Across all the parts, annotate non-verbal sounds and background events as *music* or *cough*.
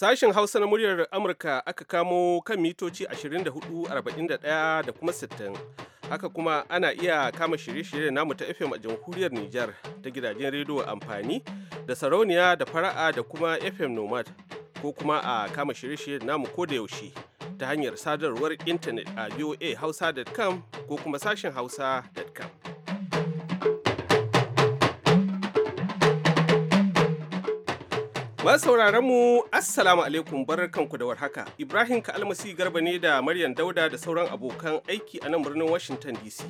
Sashen Hausa na muryar Amurka aka kamo kan mitoci 24,41 da kuma 60. Haka kuma ana iya kama shirye-shiryen namu ta FM a jamhuriyar Nijar ta gidajen rediyo amfani da sarauniya da fara'a da kuma FM Nomad ko kuma a kama shirye-shiryen namu ko da yaushe ta hanyar sadarwar intanet a voahausa.com ko kuma sashen hausa.com. sauraron mu assalamu alaikum barkanku da warhaka ibrahim ka almasi garba ne da maryam dauda da sauran abokan aiki a nan birnin washington dc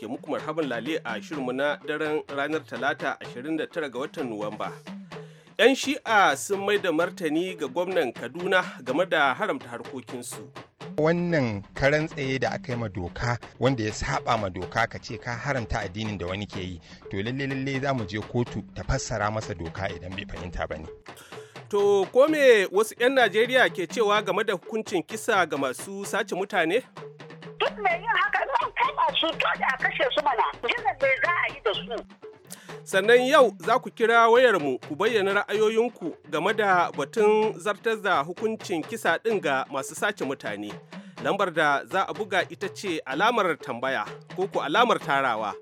ke muku marhaban lale a shirinmu na daren ranar talata 29 ga watan nuwamba 'yan shi'a sun mai da martani ga gwamnan kaduna game da haramta harkokinsu wannan karan tsaye da aka yi ma doka wanda ya saba ma doka ka ce ka haramta addinin da wani ke yi to lalle lalle za mu je kotu ta fassara masa doka idan bai fahimta ba ne To ko me wasu 'yan Najeriya ke cewa game da hukuncin kisa ga masu sace mutane? Duk mai yin haka zan kama su to da a kashe su mana, jiran me za a yi da su. Sannan yau za ku kira wayar mu ku bayyana ra'ayoyinku game da batun zartar da hukuncin kisa ɗin ga masu sace mutane. Lambar da za a buga ita ce alamar tambaya ko ku alamar tarawa.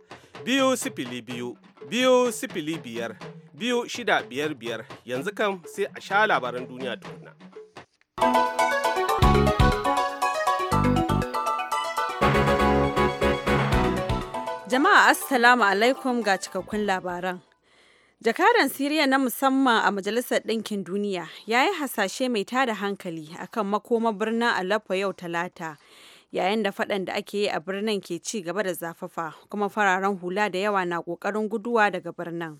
Biyu sifili biyu biyu sifili biyar biyu shida biyar biyar yanzu kam sai a sha labaran duniya tukuna. Jama'a Assalamu alaikum ga cikakkun labaran. Jakadan Siriya na musamman a Majalisar Ɗinkin Duniya ya yi hasashe mai tada hankali akan makoma birnin Aleppo yau Talata. yayin da faɗan da ake yi a birnin ke ci gaba da zafafa kuma fararen hula da yawa na ƙoƙarin guduwa daga birnin.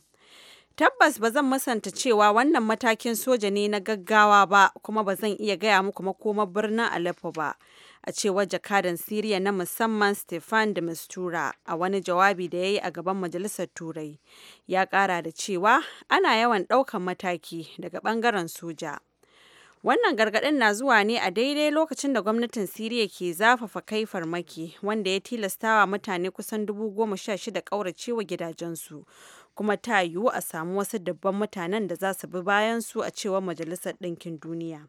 Tabbas ba zan masanta cewa wannan matakin soja ne na gaggawa ba kuma ba zan iya gaya muku makomar birnin Aleppo ba. A cewar jakadan Siriya na musamman Stefan de Mistura a wani jawabi da ya yi a gaban Majalisar Turai. Ya kara da cewa ana yawan ɗaukan mataki daga ɓangaren soja. Wannan gargaɗin na zuwa ne a daidai lokacin da gwamnatin Siriya ke zafafa kai farmaki wanda ya tilastawa mutane kusan dubu goma sha shida ƙauracewa gidajensu. Kuma ta yiwu a samu wasu dabban mutanen da za su bi bayan su a cewar Majalisar Ɗinkin Duniya.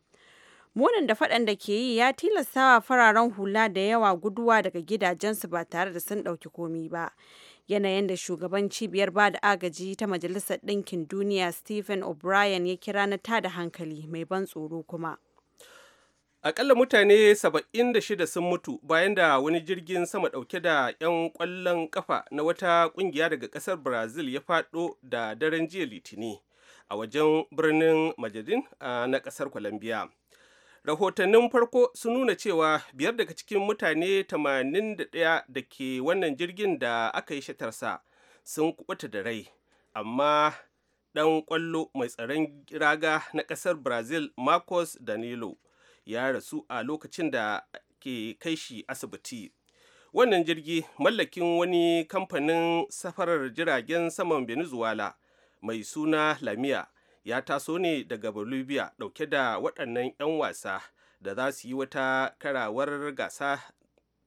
Munin da faɗan da ke yi ya tilastawa fararen hula da yawa guduwa daga gidajensu ba tare da sun ɗauki komi ba. yanayin da shugaban cibiyar ba da agaji ta majalisar ɗinkin duniya stephen o'brien ya kira na tada hankali mai ban tsoro kuma akalla mutane 76 sun mutu bayan da wani jirgin sama dauke da 'yan kwallon kafa na wata kungiya daga kasar brazil ya fado da daren jiya litini a wajen birnin madrid na kasar colombia rahotannin farko sun nuna cewa biyar daga cikin mutane 81 da ke wannan jirgin da aka yi shatarsa sun kubuta da rai amma dan kwallo mai tsaron raga na kasar brazil marcos danilo ya rasu a lokacin da ke kai shi asibiti wannan jirgi mallakin wani kamfanin safarar jiragen saman venezuela mai suna lamia ya taso ne daga bolivia dauke da waɗannan 'yan wasa da za su yi wata karawar gasa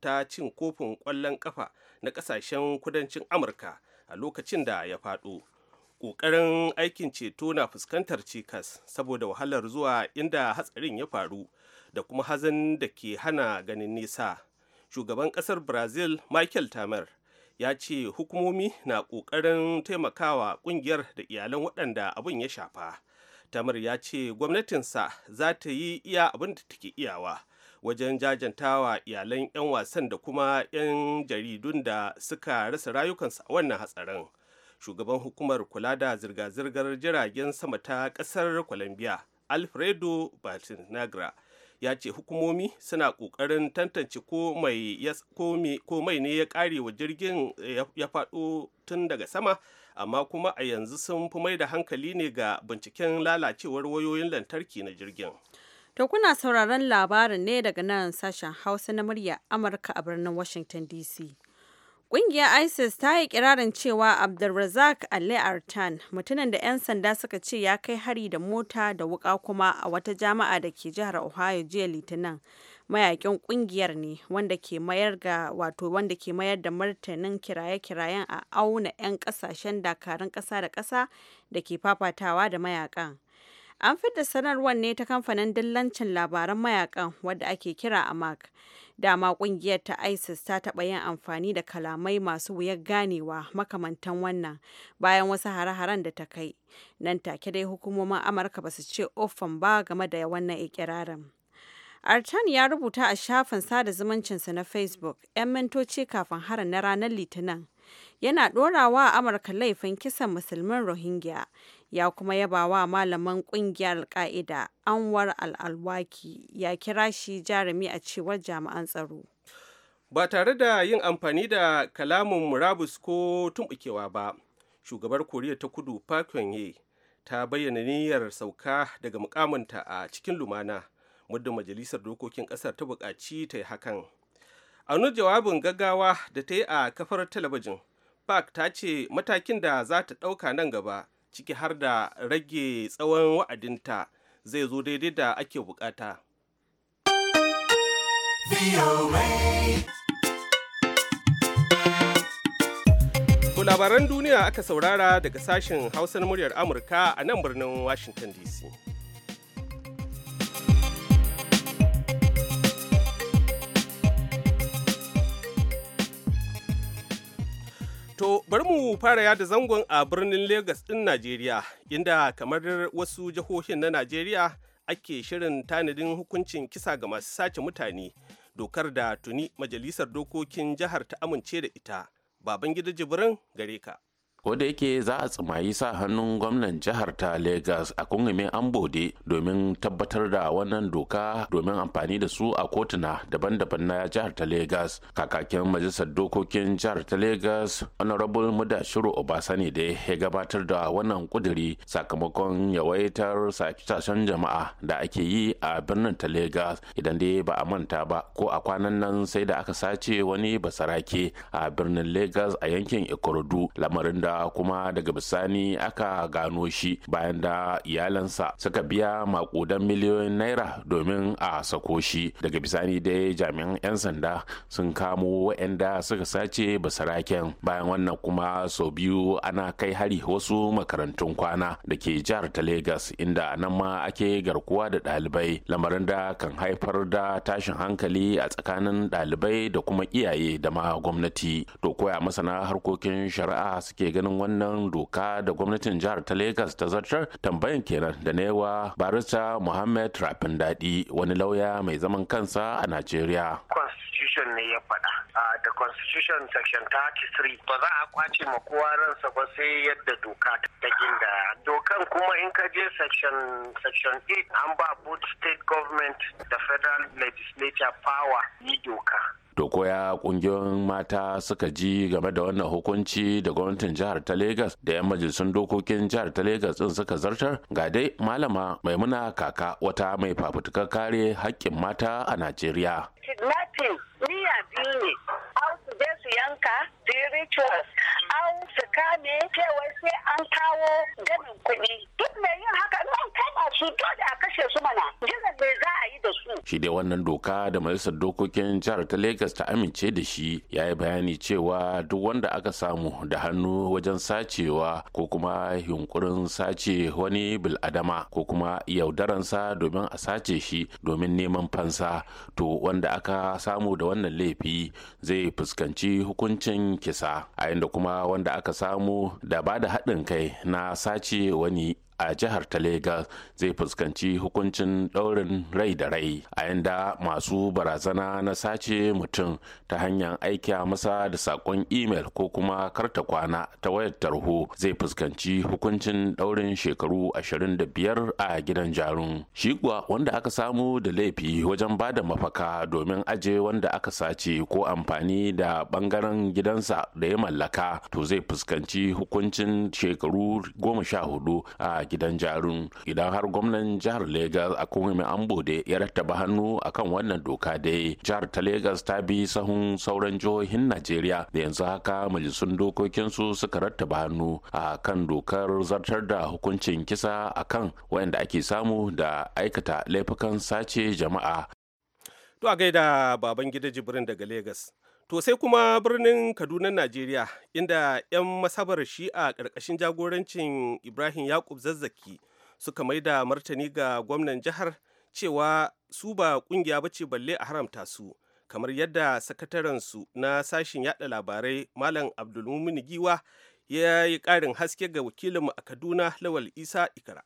ta cin kofin ƙwallon ƙafa na ƙasashen kudancin amurka a lokacin da ya faɗo ƙoƙarin aikin ceto na fuskantar cikas saboda wahalar zuwa inda hatsarin ya faru da kuma hazin da ke hana ganin nisa shugaban ƙasar brazil michael tamer ya ce hukumomi na ƙoƙarin taimakawa ƙungiyar da iyalan waɗanda abin ya shafa tamar ya ce gwamnatinsa za ta yi iya abin da take iyawa wajen jajantawa iyalan 'yan wasan da kuma 'yan jaridun da suka rasa rayukansu a wannan hatsarin shugaban hukumar kula da zirga-zirgar jiragen sama ta ƙasar colombia alfredo batinagra ya ce hukumomi suna ƙoƙarin tantance ko mai ne ya ƙare wa jirgin eh, ya faɗo tun daga sama amma kuma a yanzu sun fi mai da hankali ne ga binciken lalacewar wayoyin lantarki na jirgin. To kuna sauraron labarin ne daga nan sashen Hausa na murya Amurka a birnin Washington DC. Ƙungiyar ISIS ta yi kirarin cewa Abdulrazak Ali Artan, mutumin da 'yan sanda suka ce ya kai hari da mota da wuka kuma a wata jama'a da ke jihar Ohio jiya Litinin. Mayakin ƙungiyar ne wanda ke mayar ga wato wanda ke mayar da martanin kiraye-kirayen a auna 'yan kasashen dakarun ƙasa da ƙasa da ke fafatawa da mayakan. An fidda sanarwar ne ta kamfanin dillancin labaran mayakan wadda ake kira AMAC. Dama kungiyar ta ISIS ta taɓa yin amfani da kalamai masu wuyar ganewa makamantan wannan bayan wasu hare-haren da ta kai. Nan take dai hukumomin Amurka ba su ce ofan ba game da wannan ikirarin. Artan ya rubuta a shafin sada zumuncinsa na Facebook 'yan mintoci kafin harin na ranar Litinin. Yana dorawa a Amurka laifin kisan musulmin Rohingya ya kuma yaba wa malaman kungiyar ka'ida Anwar al-Alwaki ya kira shi jarumi a cewar jami'an tsaro. Ba tare da yin amfani da kalamin murabus ko tumbukewa ba, shugabar Koriya ta Kudu Park ta bayyana niyyar sauka daga mukamanta a cikin lumana muddin majalisar dokokin kasar ta buƙaci ta yi hakan. A nuna jawabin gaggawa da ta yi a kafar talabijin, Park ta ce matakin da za ta ɗauka nan gaba ciki har da rage tsawon wa'adinta zai zo daidai da ake bukata. labaran duniya aka saurara daga sashen hausar muryar Amurka a nan birnin Washington DC. To bari mu fara yada zangon a birnin Legas ɗin Najeriya, inda kamar wasu jihohin na Najeriya ake shirin tanadin hukuncin kisa ga masu sace mutane. Dokar da tuni Majalisar Dokokin Jihar ta amince da ita. Babangida jibirin gare ka. wanda yake za a tsimayi sa hannun gwamnan jihar ta Legas a kungume Ambode domin tabbatar da wannan doka domin amfani da su a kotuna daban-daban na jihar ta Legas. Kakakin majalisar dokokin jihar ta Legas Honorable shiru Obasani da ya gabatar da wannan kuduri sakamakon yawaitar sakitashen jama'a da ake yi a birnin ta Legas idan dai ba a manta ba ko a kwanan nan sai da aka sace wani basarake a birnin Legas a yankin Ikorodu lamarin da kuma daga bisani aka gano shi bayan da iyalansa suka biya makudan miliyoyin naira domin a sako shi daga bisani dai jami'an 'yan sanda sun kamo waɗanda suka sace basaraken bayan wannan kuma sau biyu ana kai hari wasu makarantun kwana da ke jihar ta Legas inda nan ma ake garkuwa da ɗalibai lamarin da kan haifar da tashin hankali a tsakanin ɗalibai da kuma iyaye da ma gwamnati to koya masana harkokin shari'a suke ganin ganin wannan doka da gwamnatin jihar ta Legas ta zartar tambayan kenan da newa barista muhammad rafin daɗi wani lauya mai zaman kansa a najeriya constitution ne ya faɗa da constitution section 33 ba za a kwace ma kowa ransa ba sai yadda doka ta ginda dokan kuma in ka je section section 8 an ba both state government da federal legislature power yi doka dokoya ya kungiyoyin mata suka ji game da wannan hukunci da gwamnatin jihar ta Legas da 'yan majalisun dokokin jihar ta Legas din suka zartar ga dai malama maimuna kaka wata mai fafutukar kare haƙƙin mata a Najeriya. shi dai wannan doka da majalisar dokokin jihar ta lagos ta amince da shi ya yi bayani cewa duk wanda aka samu da hannu wajen sacewa ko kuma yunkurin sace wani bil'adama ko kuma yaudaransa domin a sace shi domin neman fansa to wanda aka samu da wannan laifi zai fuskanci hukuncin kisa a inda kuma wanda aka samu da ba da haɗin kai na sace wani a jihar ta Legas zai fuskanci hukuncin ɗaurin rai da rai a yanda masu barazana na sace mutum ta hanyar aika masa da saƙon imel ko kuma karta kwana ta wayar tarho zai fuskanci hukuncin ɗaurin shekaru 25 a gidan jarun. Shi kuwa wanda aka samu da laifi wajen ba da mafaka domin aje wanda aka sace ko amfani da ɓangaren gidansa da ya mallaka to zai fuskanci hukuncin shekaru 14 a gidan jarun idan har gwamnan jihar Legas a kuma ambode ya rattaba hannu akan wannan doka dai jihar ta Legas ta bi sahun sauran jihohin Najeriya da yanzu haka majalisun dokokinsu suka rattaba hannu a kan dokar zartar da hukuncin kisa a kan wayanda ake samu da aikata laifukan sace jama'a. To a gaida baban gida jibrin daga Legas. To sai kuma birnin Kaduna Najeriya inda 'yan masabar shi'a ƙarƙashin jagorancin Ibrahim Yakub Zazzaki suka mai da martani ga gwamnan jihar cewa su ba ƙungiya bace balle a haramta su kamar yadda sakatarensu na sashin yada labarai Malam Abdulmumin Giwa ya yi ƙarin haske ga wakilinmu a Kaduna Lawal Isa Ikara.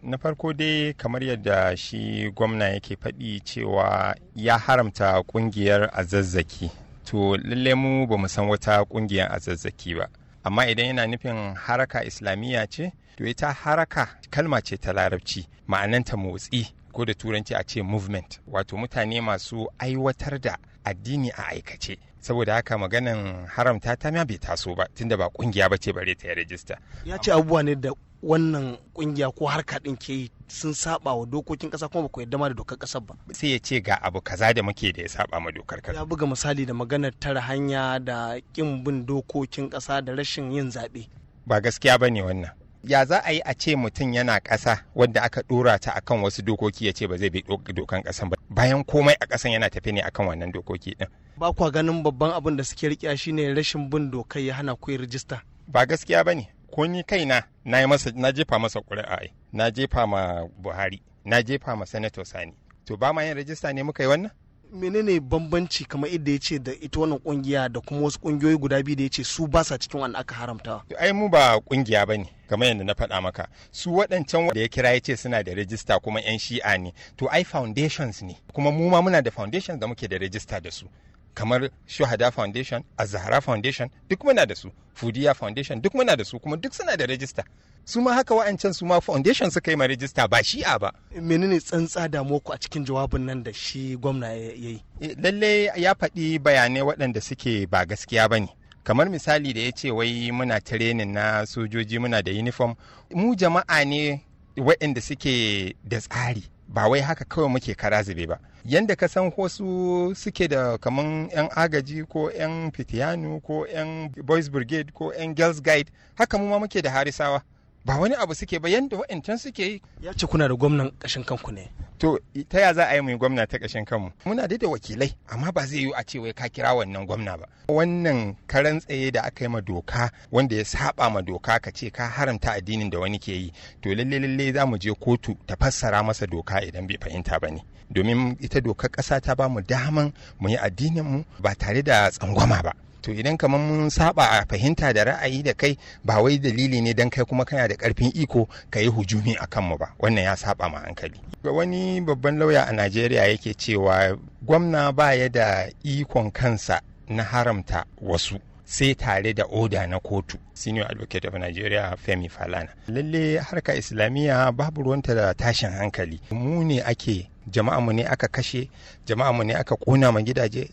na farko dai kamar yadda shi gwamna yake faɗi cewa ya haramta ƙungiyar a zazzaki. to lalle mu ba mu san wata kungiyar azazzaki ba amma idan yana nufin haraka islamiyya ce to ita haraka kalma ce ta larabci ma'ananta motsi ko da turanci a ce movement wato mutane masu aiwatar da addini a aikace saboda haka maganan haramta ta ma bai taso ba tunda ba kungiya ba ce bare ta yi rajista ya ce abubuwa ne da wannan kungiya ko harka din ke yi sun saba wa dokokin kasa kuma baku yadda ma da dokar kasar ba sai ya ce ga abu kaza da muke da ya saba ma dokar kasa ya buga misali da maganar tara hanya da kin bin dokokin kasa da rashin yin zaɓe ba gaskiya bane wannan ya za a yi a ce mutum yana kasa wadda aka ɗora ta akan wasu dokoki ya ce ba zai bi dokan ƙasan ba bayan komai a ƙasan yana tafi ne akan wannan dokoki din ba kwa ganin babban abin da suke riƙe shine rashin bin dokai ya hana ku rijista ba gaskiya ba ko ni kaina na yi masa na jefa masa ƙuri'a ai na jefa ma Buhari na jefa ma Senator Sani to ba ma yin rajista ne muka yi wannan menene bambanci kamar idda ya ce da ita wannan kungiya da kuma wasu kungiyoyi guda biyu da ya ce su ba sa cikin wanda aka haramta To ai mu ba kungiya ba ne kamar yadda na faɗa maka su waɗancan da ya kira ya ce suna da rajista kuma 'yan shi'a ne to ai foundations ne kuma mu ma muna da foundations da muke da rajista da su kamar Shuhada Foundation, Azahara Foundation duk muna da su, Fudiya Foundation duk muna da su kuma duk suna da rajista. Su ma haka wa'ancan su ma foundation suka yi ma rajista ba shi'a ba. Menene tsantsa da ku a cikin jawabin nan da shi gwamna ya yi? Eh, lalle ya faɗi bayanai waɗanda suke ba gaskiya ba ne. kamar misali da ya ce wai muna tirenin na sojoji muna da uniform mu jama'a ne waɗanda suke da tsari ba wai haka kawai muke kara zube ba yadda ka san wasu suke da kaman yan agaji ko yan fitiyanu ko yan boys brigade ko yan girls guide haka mu ma muke da harisawa ba wani abu suke ba yadda wa'ancan suke yi ya ce kuna da gwamnan kashin kanku ne to ta ya za a yi mu gwamna ta kashin kanmu muna da wakilai amma ba zai yi a ce wai ka kira wannan gwamna ba wannan karan tsaye da aka yi ma doka wanda ya saba ma doka ka ce ka haramta addinin da wani ke yi to lalle lalle za mu je kotu ta fassara masa doka idan bai fahimta ba ne domin ita dokar ƙasa ta ba mu daman mu yi addinin mu ba tare da tsangwama ba to idan kamar mun saba a fahimta da ra'ayi da kai ba wai dalili ne don kai kuma kana da karfin iko ka yi hujumi a kanmu ba wannan ya saba ma hankali wani babban lauya a najeriya yake cewa gwamna ba ya da ikon kansa na haramta wasu sai tare da oda na kotu senior advocate of nigeria femi falana lalle harka islamiyya babu ruwanta da tashin hankali mu ne ake jama'anmu ne aka kashe jama'anmu ne aka kona ma gidaje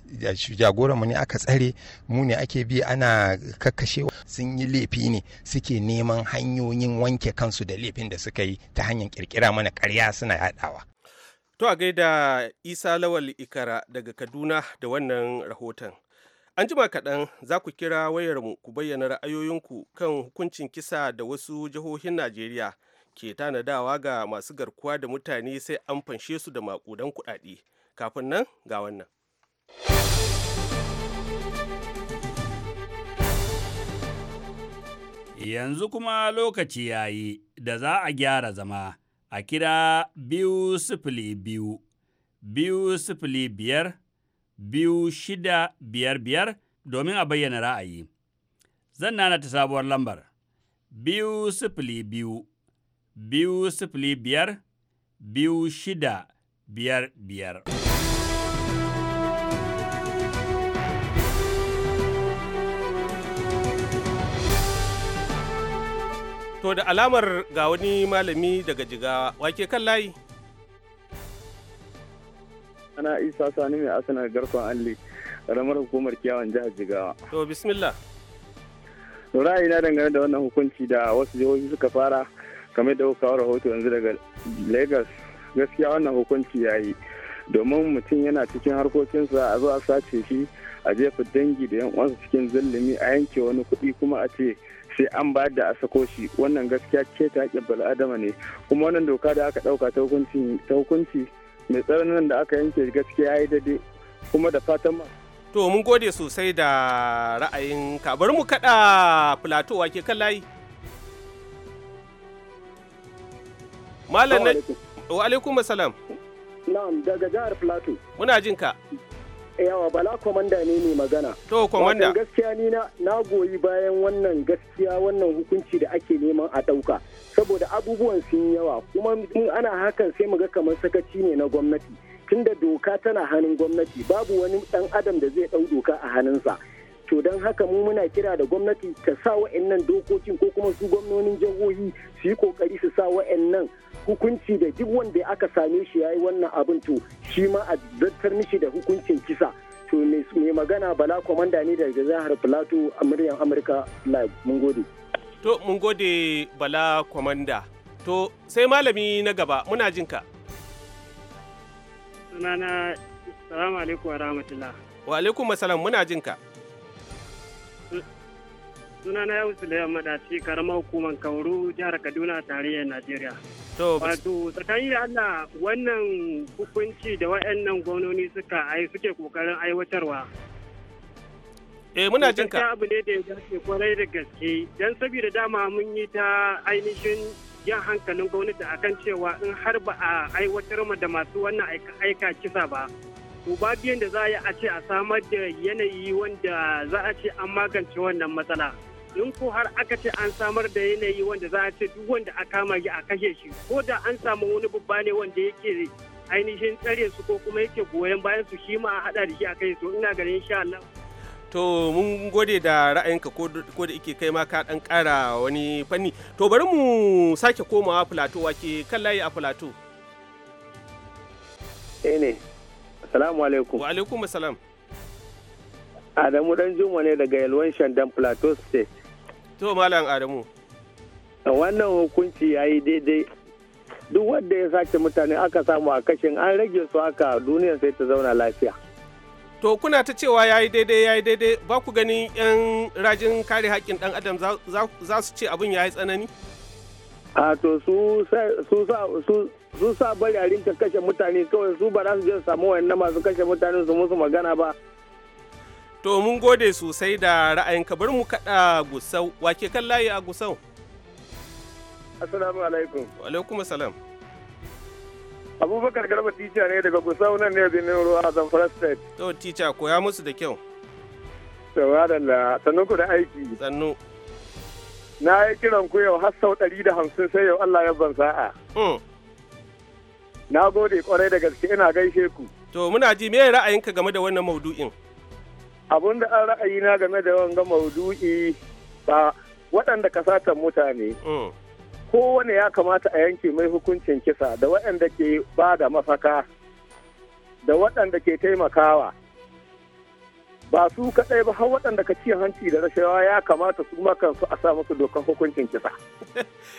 jagoranmu ne aka tsare mu ne ake bi ana kakkashe sun yi laifi ne suke neman hanyoyin wanke kansu da laifin da suka yi ta hanyar kirkira mana karya suna yadawa to a gaida isa lawal ikara daga kaduna da wannan rahoton an jima kaɗan za ku kira wayarmu ku bayyana ra'ayoyinku kan hukuncin kisa da wasu jihohin najeriya ke tanadawa ga masu garkuwa da mutane sai an fanshe su da makudan kuɗaɗe kafin nan ga wannan yanzu kuma lokaci ya yi da za a gyara zama a kira biyu sifili biyu biyu sifili biyar biyu shida biyar biyar domin a bayyana ra'ayi zan nana ta sabuwar lambar biyu sifili biyu biyu sifili biyar biyu shida biyar biyar. To da alamar ga wani malami daga jigawa wake kan layi. Ana isa sani mai asanar garkon alli ramar hukumar kiyawan jihar jigawa. To bismillah. Ra'ayi na dangane da wannan hukunci da wasu jihohi suka fara kamar da kawo rahoto yanzu daga lagos gaskiya wannan hukunci ya yi domin mutum yana cikin harkokinsa a zo a sace shi a jefa dangi da yan uwansa cikin zullumi a yanke wani kuɗi kuma a ce sai an ba da a sako shi wannan gaskiya ce ta haƙƙin bal'adama ne kuma wannan doka da aka ɗauka ta hukunci mai tsananin da aka yanke gaskiya ya yi daidai kuma da fatan ma To mun gode sosai da ra'ayin ka bari mu kaɗa filatowa wake kan layi. Malam na wa alaikum salam. Na'am daga jihar Plateau. Muna jin ka. Yawa Bala komanda ne ne magana. To komanda. gaskiya ni na goyi bayan wannan gaskiya wannan hukunci da ake neman a ɗauka. Saboda abubuwan sun yawa kuma in ana hakan sai mu ga kamar sakaci ne na gwamnati. Tunda doka tana hannun gwamnati babu wani ɗan adam da zai ɗau doka a hannunsa. to don haka mu muna kira da gwamnati ta sa wa'annan dokokin ko kuma su gwamnonin jihohi su yi kokari su sa wa'annan hukunci da duk wanda aka same shi ya yi wannan abin to shi ma a zartar mishi da hukuncin kisa to mai magana bala kwamanda ne daga jihar plateau a muryar amurka live mun gode to mun gode bala kwamanda to sai malami na gaba muna jin ka. sunana salamu alaikum wa rahmatullah wa alaikum assalam muna jin ka sunana yau suleiman madaci karamar hukumar kauru jihar kaduna tarayyar najeriya Wato tsakanin Allah wannan hukunci da waɗannan gwamnoni suka ai suke kokarin aiwatarwa. Eh muna jin ka. abu ne da ya dace kwarai da gaske don saboda dama mun yi ta ainihin yan hankalin gwamnati akan cewa in har ba a aiwatar da masu wannan aika kisa ba. To babu da za a ce a samar da yanayi wanda za a ce an magance wannan matsala. in ko har aka ce an samar da yanayi wanda za a ce duk wanda a kama ya a kashe shi ko da an samu wani babba ne wanda yake ainihin tsare su ko kuma yake goyon bayan su shi ma a hada da shi a kai to ina ganin insha Allah to mun gode da ra'ayinka ko da ike kai ma ka dan kara wani fanni to bari mu sake komawa plateau wake kan layi a plateau eh ne assalamu alaikum wa alaikum assalam adamu dan juma ne daga yalwan shandan plateau state To Malam Adamu. Wannan hukunci ya yi daidai. Duk wanda ya sace mutane aka samu a kashin an rage su haka duniyar sai ta zauna lafiya. To kuna ta cewa ya yi daidai ya yi daidai ba ku ganin 'yan rajin kare haƙƙin ɗan adam za su ce abin ya yi tsanani? A to su sa bari a rinka kashe mutane kawai su ba za su je su samu wayannan masu kashe mutane su musu magana ba To mun gode sosai da ra'ayinka bari mu kaɗa gusau wake kan layi a gusau. Assalamu alaikum. Wa alaikum Abubakar Garba tica ne daga gusau nan ne binin ruwa a Zamfara State. To tica koya musu da kyau. Sawa da la sannu ku da aiki. Sannu. Na yi kiran ku yau har sau ɗari da hamsin sai yau Allah ya ban sa'a. Hmm. Na gode kwarai da gaske ina gaishe ku. To muna ji me ra'ayinka game da wannan maudu'in? abun da an ra'ayi na game da wanga maudu'i ba waɗanda kasatan mutane mm. kowane ya kamata a yanke mai hukuncin kisa da waɗanda ke ba da mafaka da waɗanda ke taimakawa ba su kaɗai ba har waɗanda ka cin hanci da rashawa ya kamata su kansu a sa musu dokan hukuncin kisa.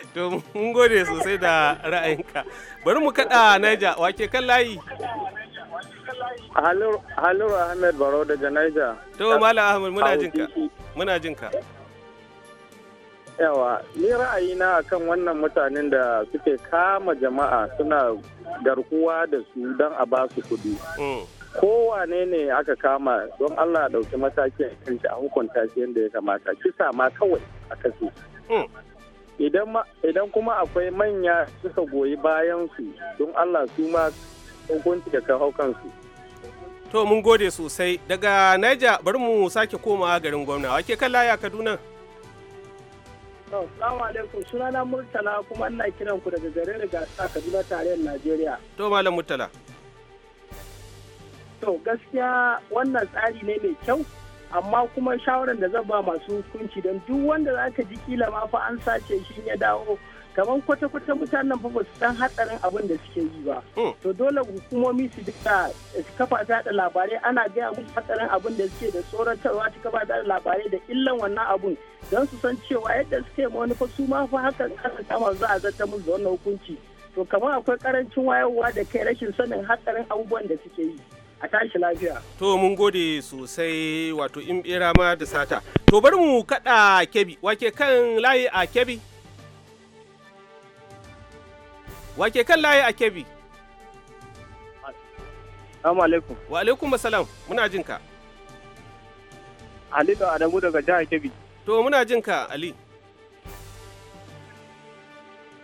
*laughs* to mun gode sosai da ra'ayinka bari mu kaɗa naija wake kan layi. Haliru Ahmed Baro da Niger. To Malam Ahmed muna jinka. Muna jinka. Yawa, ni ra'ayina kan wannan mutanen da suke kama jama'a suna garkuwa da su don a ba su kuɗi. Mm. Kowane ne aka kama don Allah ɗauki mataki a ta a hukunta shi yadda ya kamata. Kisa ma kawai a kasu. Mm. Idan kuma akwai manya suka goyi bayan su don Allah su ma hukunci da ka kansu. To mun gode sosai daga Niger bari mu sake komawa garin gwamna wake kalla ya Kaduna. Assalamu alaikum sunana Murtala kuma ina kiran ku daga garin Rigasa Kaduna tarayyar Najeriya. To malam Murtala. To gaskiya wannan tsari ne mai kyau amma kuma shawaran da zan ba masu hukunci don duk wanda za zaka ji kila ma fa an sace shi ya dawo kamar kwata-kwata mutanen fa ba su san hatsarin abin da suke yi ba hmm. to dole hukumomi su duka su kafa da labarai ana gaya musu hatsarin abin da suke da tsoratarwa su kafa da labarai da illan wannan abun don su san cewa yadda suke ma wani fasu su ma fa haka ana kama za a zata musu da wannan hukunci to kamar akwai karancin wayarwa da kai rashin sanin hatsarin abubuwan da suke yi a tashi lafiya. To mun gode sosai wato in bera ma da sata. To bari mu kada kebi wake kan layi a kebi. Wake kan layi a Kebbi? Assalamu alaikum. Wa alaikum salam. Muna jin ka. Ali da Adamu daga jihar Kebbi. To muna jin ka Ali.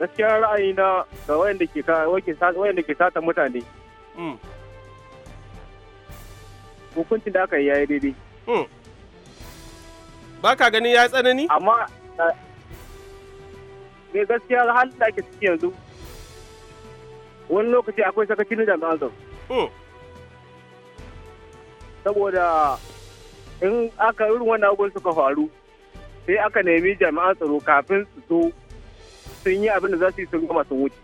Gaskiya ra'ayi na ga wayanda ke ke sata mutane. Hmm. Hukuncin da aka yi yayi daidai. Hmm. Ba ka ganin ya tsanani? Amma eh, ne gaskiya halin da ake ciki yanzu wani lokaci akwai sakaci na jami'an tsaro oh. saboda in aka irin wannan abubuwan suka faru sai aka nemi jami'an tsaro kafin su zo sun yi abin da za su yi sun gama sun wuce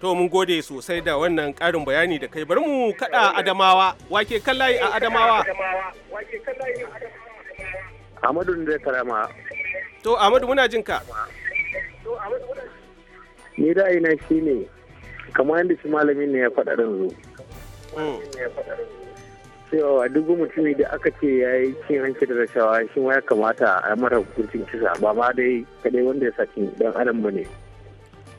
to mun gode sosai da wannan karin bayani da kai bari mu kada adamawa wake layi a adamawa amadu ne da karama to amadu muna jinka ni da ina ne. kamar yadda shi malamin ne ya faɗa ɗan zo cewa hmm. duk mutumin da aka ce ya yi cin hanci da rashawa shi ma ya kamata a mara hukuncin kisa ba ma dai kadai wanda ya saci dan adam ba ne.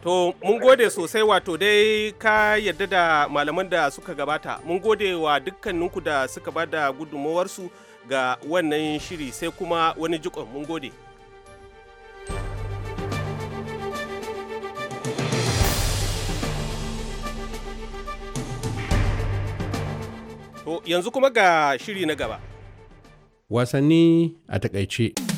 To mun gode sosai wato dai ka yadda da malaman da suka gabata mun gode wa dukkaninku da suka ba da gudunmawarsu ga wannan shiri sai kuma wani jikon mun gode. yanzu kuma ga shiri na gaba. Wasanni a takaice.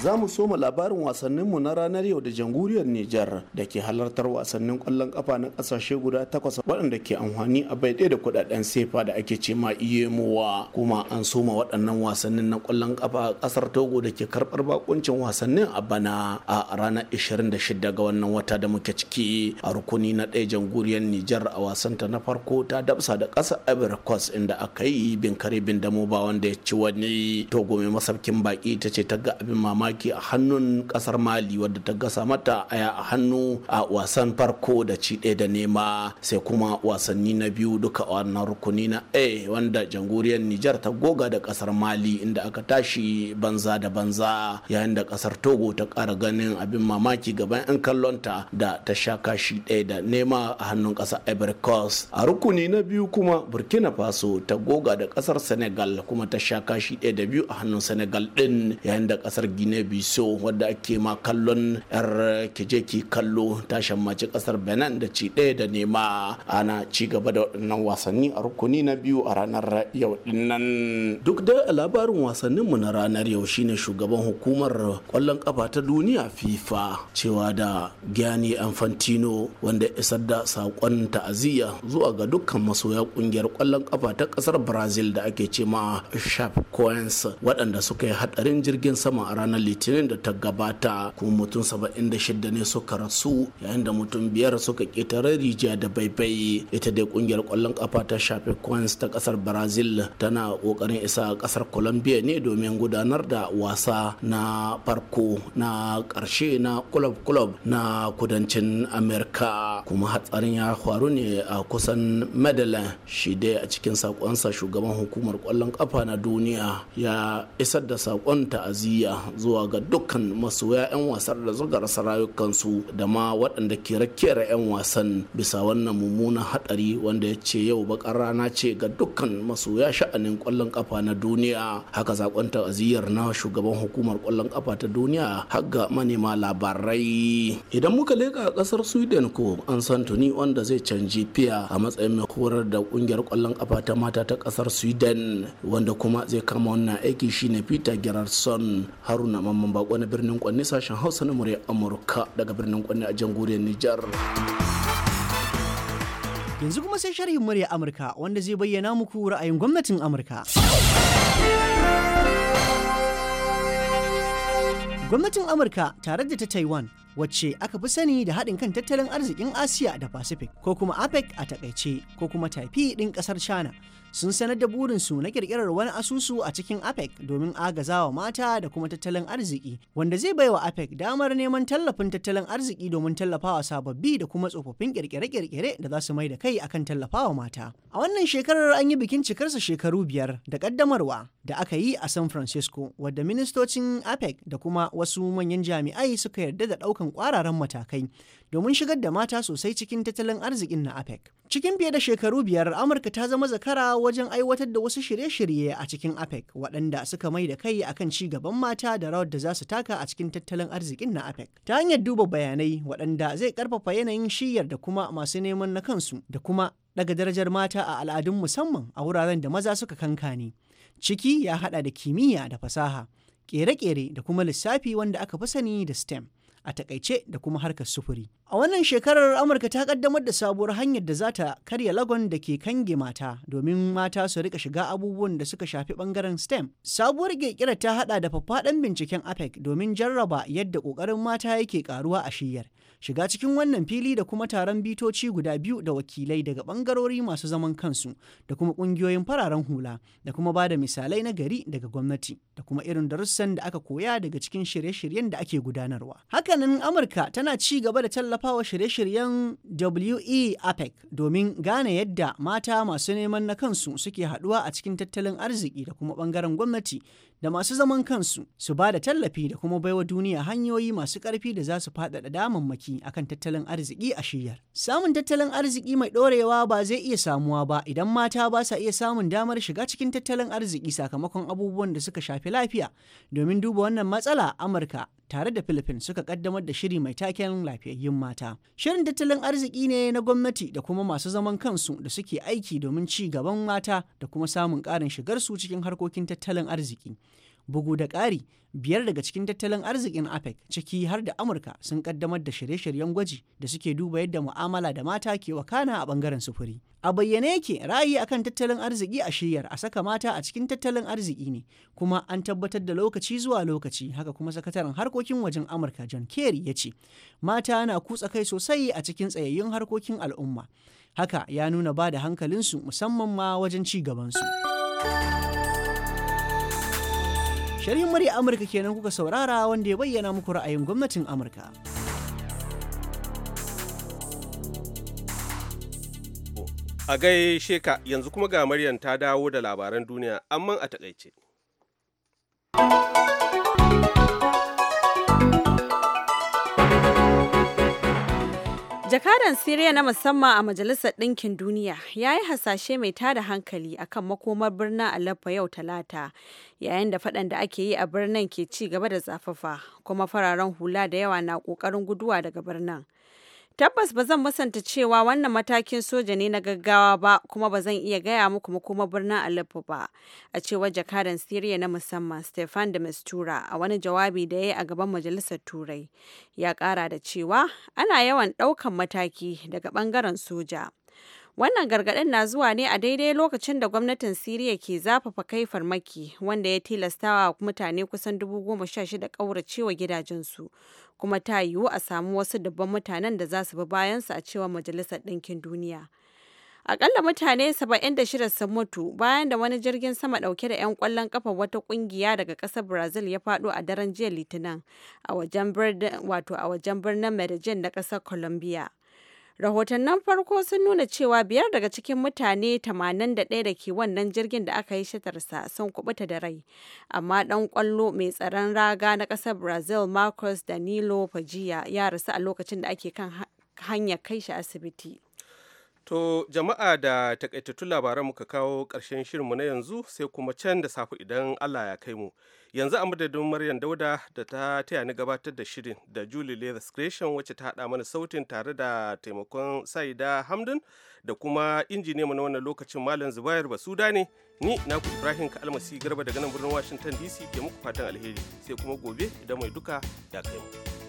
za mu soma labarin wasanninmu na ranar yau da jamhuriyar Nijar da ke halartar wasannin kwallon kafa na kasashe guda takwas waɗanda ke amfani a bai da kudaden sefa da ake ce ma iyemowa kuma an soma waɗannan wasannin na kwallon kafa ƙasar Togo da ke karɓar bakuncin wasannin a bana a ranar 26 ga wannan wata da muke ciki a rukuni na ɗaya jamhuriyar Nijar a wasanta na farko ta dabsa da ƙasa Ivory Coast inda aka yi bin kare bin damo ba wanda ya ci wani Togo mai masaukin baki ita ce ta ga abin mamaki mamaki a hannun kasar mali wadda ta gasa mata aya a hannu a wasan farko da ci ɗaya da nema sai kuma wasanni na biyu duka wannan rukuni na a wanda jamhuriyar nijar ta goga da kasar mali inda aka tashi banza da banza yayin da kasar togo ta kara ganin abin mamaki gaban 'yan kallonta da ta sha kashi ɗaya da nema a hannun ƙasar ivory coast a rukuni na biyu kuma burkina faso ta goga da kasar senegal kuma ta sha kashi ɗaya da biyu a hannun senegal ɗin yayin da kasar guinea Burkina Biso wadda ake ma kallon yar kijeki kallo ta shammaci kasar Benin da ci ɗaya da nema ana ci gaba da waɗannan wasanni a rukuni na biyu a ranar yau dinnan. Duk da labarin wasannin mu na ranar yau shine shugaban hukumar kwallon kafa ta duniya FIFA cewa da gani Infantino wanda isar da sakon ta'aziyya zuwa ga dukkan masoya kungiyar kwallon kafa ta kasar Brazil da ake ce ma Sharp Coins waɗanda suka yi hadarin jirgin sama a ranar litinin da ta gabata kuma mutum 76 ne suka rasu yayin da mutum biyar suka ƙetare rijiya da baibai ita dai kungiyar kwallon kafa ta shafe coins ta kasar brazil tana kokarin isa kasar colombia ne domin gudanar da wasa na farko na karshe na club club na kudancin america kuma hatsarin ya faru ne a kusan medellin shi dai a cikin sakonsa shugaban hukumar kwallon kafa na duniya ya isar da sakon ta'aziyya zuwa zuwa ga dukkan masoya 'yan wasan da zuga rasa rayukansu da ma waɗanda ke rakiyar 'yan wasan bisa wannan mummunan hatsari wanda ya ce yau bakar rana ce ga dukkan masoya sha'anin kwallon kafa na duniya haka zakon ta'aziyar na shugaban hukumar kwallon kafa ta duniya har ga manema labarai idan muka leka ƙasar sweden ko an san tuni wanda zai canji fiya a matsayin mai horar da kungiyar kwallon kafa ta mata ta ƙasar sweden wanda kuma zai kama wannan aiki shine peter gerardson haruna mamman bako na birnin kwanne sashen hausa na murya amurka daga birnin kwanne a jamhuriyar nijar yanzu kuma sai sharhin murya amurka wanda zai bayyana muku ra'ayin gwamnatin amurka gwamnatin amurka tare da ta taiwan wacce aka fi sani da haɗin kan tattalin arzikin Asiya da Pacific ko kuma APEC a takaice ko kuma tafi ɗin ƙasar China sun sanar da burinsu na ƙirƙirar wani asusu a cikin APEC domin agazawa mata da kuma tattalin arziki wanda zai baiwa APEC damar neman tallafin tattalin arziki domin tallafawa sababbi da kuma tsofaffin ƙirƙire-ƙirƙire da za su mai da kai akan tallafawa mata. A wannan shekarar an yi bikin cikarsa shekaru biyar da ƙaddamarwa da aka yi a San Francisco wadda ministocin APEC da kuma wasu manyan jami'ai suka yarda da ɗaukan ƙwararan matakai domin shigar da mata sosai cikin tattalin arzikin na APEC. Cikin fiye da shekaru biyar, Amurka ta zama zakara wajen aiwatar da wasu shirye-shirye a cikin APEC waɗanda suka mai da kai akan ci gaban mata da rawar da za su taka a cikin tattalin arzikin na APEC. Ta hanyar duba bayanai waɗanda zai ƙarfafa yanayin shiyar da kuma masu neman na kansu da kuma daga darajar mata a al'adun musamman a wuraren da maza suka kankane. Ciki ya haɗa da kimiyya da fasaha, ƙere-ƙere da kuma lissafi wanda aka fi sani da STEM. a takaice da kuma harkar sufuri. A wannan shekarar Amurka ta kaddamar da sabuwar hanyar da za ta karya lagon da ke kange mata domin mata su rika shiga abubuwan da suka shafi bangaren STEM. Sabuwar kirkira ta hada da faffaɗan binciken APEC domin jarraba yadda ƙoƙarin mata yake karuwa a shiyar. Shiga cikin wannan fili da kuma taron bitoci guda biyu da wakilai daga bangarori masu zaman kansu da kuma ƙungiyoyin fararen hula da kuma ba da misalai na gari daga gwamnati da kuma irin darussan da aka koya daga cikin shirye-shiryen da ake gudanarwa. Hakan nan Amurka tana ci gaba da tallafawa shirye-shiryen WEAPEC domin gane yadda mata masu neman na kansu suke haɗuwa a cikin tattalin arziki da kuma bangaren gwamnati da masu zaman kansu su ba da tallafi da kuma baiwa duniya hanyoyi masu karfi da za su faɗaɗa damammaki akan tattalin arziki a shiyar. Samun tattalin arziki mai dorewa ba zai iya samuwa ba idan mata ba sa iya samun damar shiga cikin tattalin arziki sakamakon abubuwan da suka shafi lafiya. Domin duba wannan matsala Amurka tare da filifin suka kaddamar da shiri mai taken lafiyayyun mata. Shirin tattalin arziki ne na gwamnati da kuma masu zaman kansu da suke aiki domin ci gaban mata da kuma samun ƙarin shigarsu cikin harkokin tattalin arziki. bugu da ƙari biyar daga cikin tattalin arzikin apec ciki har da amurka sun kaddamar da shirye-shiryen gwaji da suke duba yadda mu'amala da mata ke wakana a bangaren sufuri a bayyane yake ra'ayi akan tattalin arziki a shiryar a saka mata a cikin tattalin arziki ne kuma an tabbatar da lokaci zuwa lokaci haka kuma sakataren harkokin wajen amurka john kerry ya ce mata na kutsa kai sosai a cikin tsayayyun harkokin al'umma haka ya nuna ba da hankalinsu musamman ma wajen ci gabansu. Shari'in murya Amurka kenan kuka saurara wanda ya bayyana muku ra'ayin gwamnatin Amurka. A gai sheka yanzu kuma ga Maryam ta dawo da labaran duniya amma a takaice. Jakadan Siriya na musamman a Majalisar Ɗinkin Duniya ya yi hasashe mai tada hankali akan makomar birnin Aleppo yau Talata, yayin da faɗan da ake yi a birnin ke ci gaba da zafafa, kuma fararen hula da yawa na ƙoƙarin guduwa daga birnin. Tabbas ba zan musanta cewa wannan matakin soja ne na gaggawa ba kuma ba zan iya gaya muku makoma birnin Aleppo ba, a cewa jakadan syria na musamman Stefan de Mistura a wani jawabi da ya yi a gaban Majalisar Turai. Ya kara da cewa ana yawan ɗaukan mataki daga ɓangaren soja. Wannan gargaɗin na zuwa ne a daidai lokacin da gwamnatin Siriya ke zafafa kai farmaki wanda ya tilastawa mutane kusan dubu goma sha shida ƙauracewa gidajensu kuma ta yiwu a samu wasu dubban mutanen da za su bi bayansu a cewa Majalisar Ɗinkin Duniya. Akalla mutane 76 sun mutu bayan da wani jirgin sama ɗauke da 'yan kwallon ƙafa wata ƙungiya daga ƙasar Brazil ya faɗo a daren jiya Litinin a wajen birnin Medellin na ƙasar Colombia. Rahotannin farko sun nuna cewa biyar daga cikin mutane 81 da ke wannan jirgin da aka yi shatarsa sun kubuta da rai, amma dan kwallo mai tsaron raga na ƙasar Brazil Marcos Danilo Pagia ya rasu a lokacin da ake kan hanya kai shi asibiti. To jama'a da takaitattun labaran muka kawo ƙarshen shirinmu na yanzu sai kuma can da safe idan Allah ya kai mu. Yanzu a madadin Maryam Dauda da ta taya ni gabatar da shirin da Julie Leather Creation wacce ta haɗa mana sautin tare da taimakon Saida Hamdun da kuma injiniya mu na wannan lokacin Malam Zubair Basuda ne ni naku Ibrahim Kalmasi Garba daga nan birnin Washington DC ke muku fatan alheri sai kuma gobe idan mai duka ya kai mu.